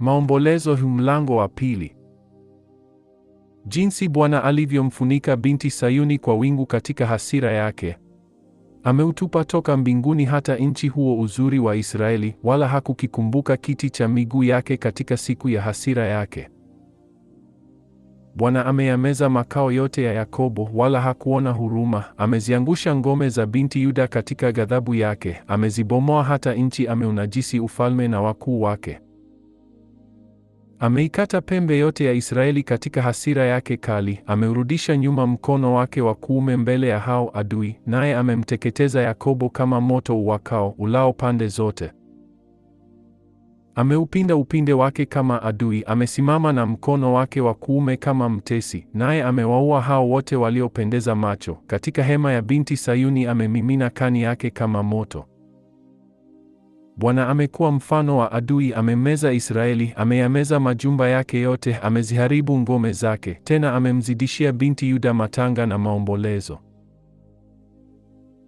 Maombolezo, mlango wa pili. Jinsi Bwana alivyomfunika binti Sayuni kwa wingu katika hasira yake, ameutupa toka mbinguni hata nchi huo uzuri wa Israeli, wala hakukikumbuka kiti cha miguu yake katika siku ya hasira yake. Bwana ameyameza makao yote ya Yakobo, wala hakuona huruma. Ameziangusha ngome za binti Yuda katika ghadhabu yake, amezibomoa hata nchi, ameunajisi ufalme na wakuu wake. Ameikata pembe yote ya Israeli katika hasira yake kali, ameurudisha nyuma mkono wake wa kuume mbele ya hao adui, naye amemteketeza Yakobo kama moto uwakao, ulao pande zote. Ameupinda upinde wake kama adui, amesimama na mkono wake wa kuume kama mtesi, naye amewaua hao wote waliopendeza macho. Katika hema ya binti Sayuni amemimina kani yake kama moto. Bwana amekuwa mfano wa adui, amemeza Israeli, ameyameza majumba yake yote, ameziharibu ngome zake, tena amemzidishia binti Yuda matanga na maombolezo.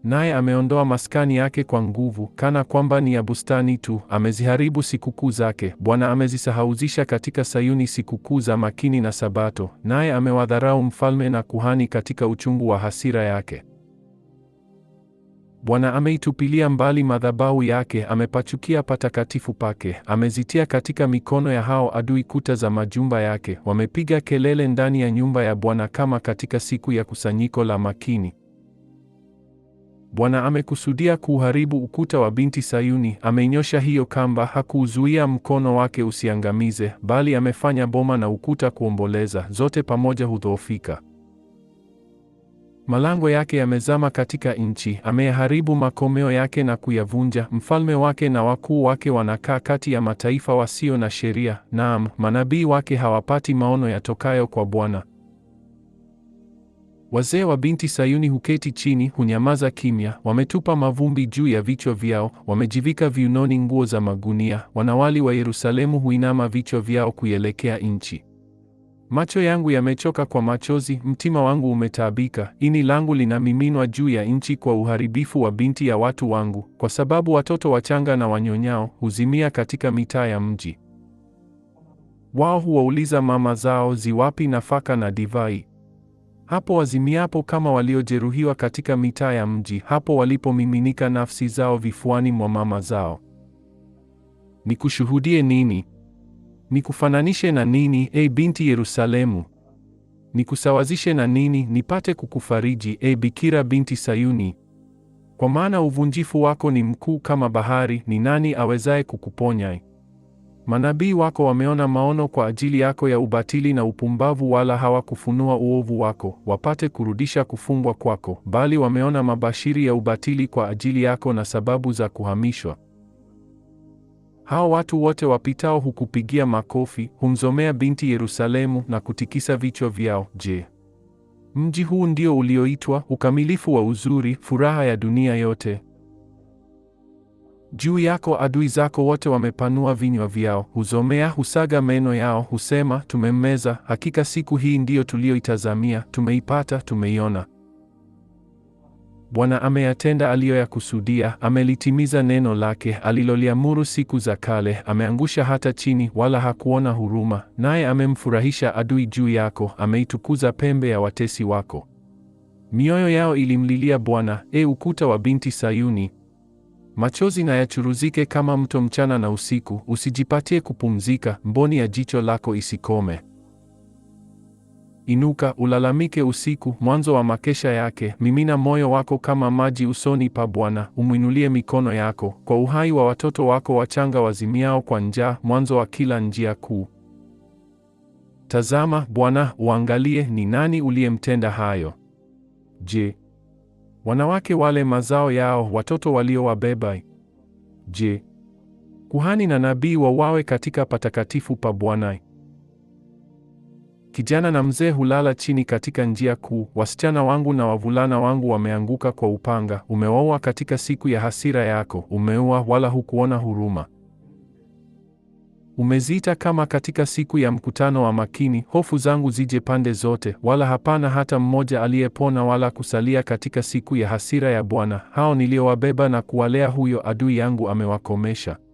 Naye ameondoa maskani yake kwa nguvu, kana kwamba ni ya bustani tu, ameziharibu sikukuu zake. Bwana amezisahauzisha katika Sayuni sikukuu za makini na Sabato, naye amewadharau mfalme na kuhani katika uchungu wa hasira yake. Bwana ameitupilia mbali madhabahu yake, amepachukia patakatifu pake, amezitia katika mikono ya hao adui kuta za majumba yake. Wamepiga kelele ndani ya nyumba ya Bwana kama katika siku ya kusanyiko la makini. Bwana amekusudia kuuharibu ukuta wa binti Sayuni, ameinyosha hiyo kamba, hakuuzuia mkono wake usiangamize, bali amefanya boma na ukuta kuomboleza, zote pamoja hudhoofika. Malango yake yamezama katika nchi, ameyaharibu makomeo yake na kuyavunja. Mfalme wake na wakuu wake wanakaa kati ya mataifa wasio na sheria, naam, manabii wake hawapati maono yatokayo kwa Bwana. Wazee wa binti Sayuni huketi chini, hunyamaza kimya, wametupa mavumbi juu ya vichwa vyao, wamejivika viunoni nguo za magunia. Wanawali wa Yerusalemu huinama vichwa vyao kuielekea nchi. Macho yangu yamechoka kwa machozi, mtima wangu umetaabika, ini langu linamiminwa juu ya nchi kwa uharibifu wa binti ya watu wangu, kwa sababu watoto wachanga na wanyonyao huzimia katika mitaa ya mji. Wao huwauliza mama zao ziwapi nafaka na divai. Hapo wazimiapo kama waliojeruhiwa katika mitaa ya mji, hapo walipomiminika nafsi zao vifuani mwa mama zao. Nikushuhudie nini? Nikufananishe na nini, e binti Yerusalemu? Nikusawazishe na nini, nipate kukufariji, e Bikira binti Sayuni? Kwa maana uvunjifu wako ni mkuu kama bahari, ni nani awezaye kukuponya? Manabii wako wameona maono kwa ajili yako ya ubatili na upumbavu, wala hawakufunua uovu wako, wapate kurudisha kufungwa kwako, bali wameona mabashiri ya ubatili kwa ajili yako na sababu za kuhamishwa. Hao watu wote wapitao hukupigia makofi, humzomea binti Yerusalemu na kutikisa vichwa vyao. Je, mji huu ndio ulioitwa ukamilifu wa uzuri, furaha ya dunia yote? Juu yako adui zako wote wamepanua vinywa vyao, huzomea, husaga meno yao, husema, tumemmeza. Hakika siku hii ndiyo tuliyoitazamia, tumeipata, tumeiona. Bwana ameyatenda aliyoyakusudia, amelitimiza neno lake aliloliamuru siku za kale. Ameangusha hata chini, wala hakuona huruma, naye amemfurahisha adui juu yako, ameitukuza pembe ya watesi wako. Mioyo yao ilimlilia Bwana, e ukuta wa binti Sayuni. Machozi na yachuruzike kama mto mchana na usiku, usijipatie kupumzika, mboni ya jicho lako isikome. Inuka ulalamike usiku, mwanzo wa makesha yake. Mimina moyo wako kama maji usoni pa Bwana, umwinulie mikono yako kwa uhai wa watoto wako wachanga wazimiao kwa njaa, mwanzo wa kila njia kuu. Tazama Bwana, uangalie ni nani uliyemtenda hayo. Je, wanawake wale mazao yao, watoto waliowabeba? Je, kuhani na nabii wauawe katika patakatifu pa Bwana? Kijana na mzee hulala chini katika njia kuu. Wasichana wangu na wavulana wangu wameanguka kwa upanga. Umewaua katika siku ya hasira yako, umeua wala hukuona huruma. Umeziita kama katika siku ya mkutano wa makini, hofu zangu zije pande zote, wala hapana hata mmoja aliyepona wala kusalia katika siku ya hasira ya Bwana. Hao niliowabeba na kuwalea, huyo adui yangu amewakomesha.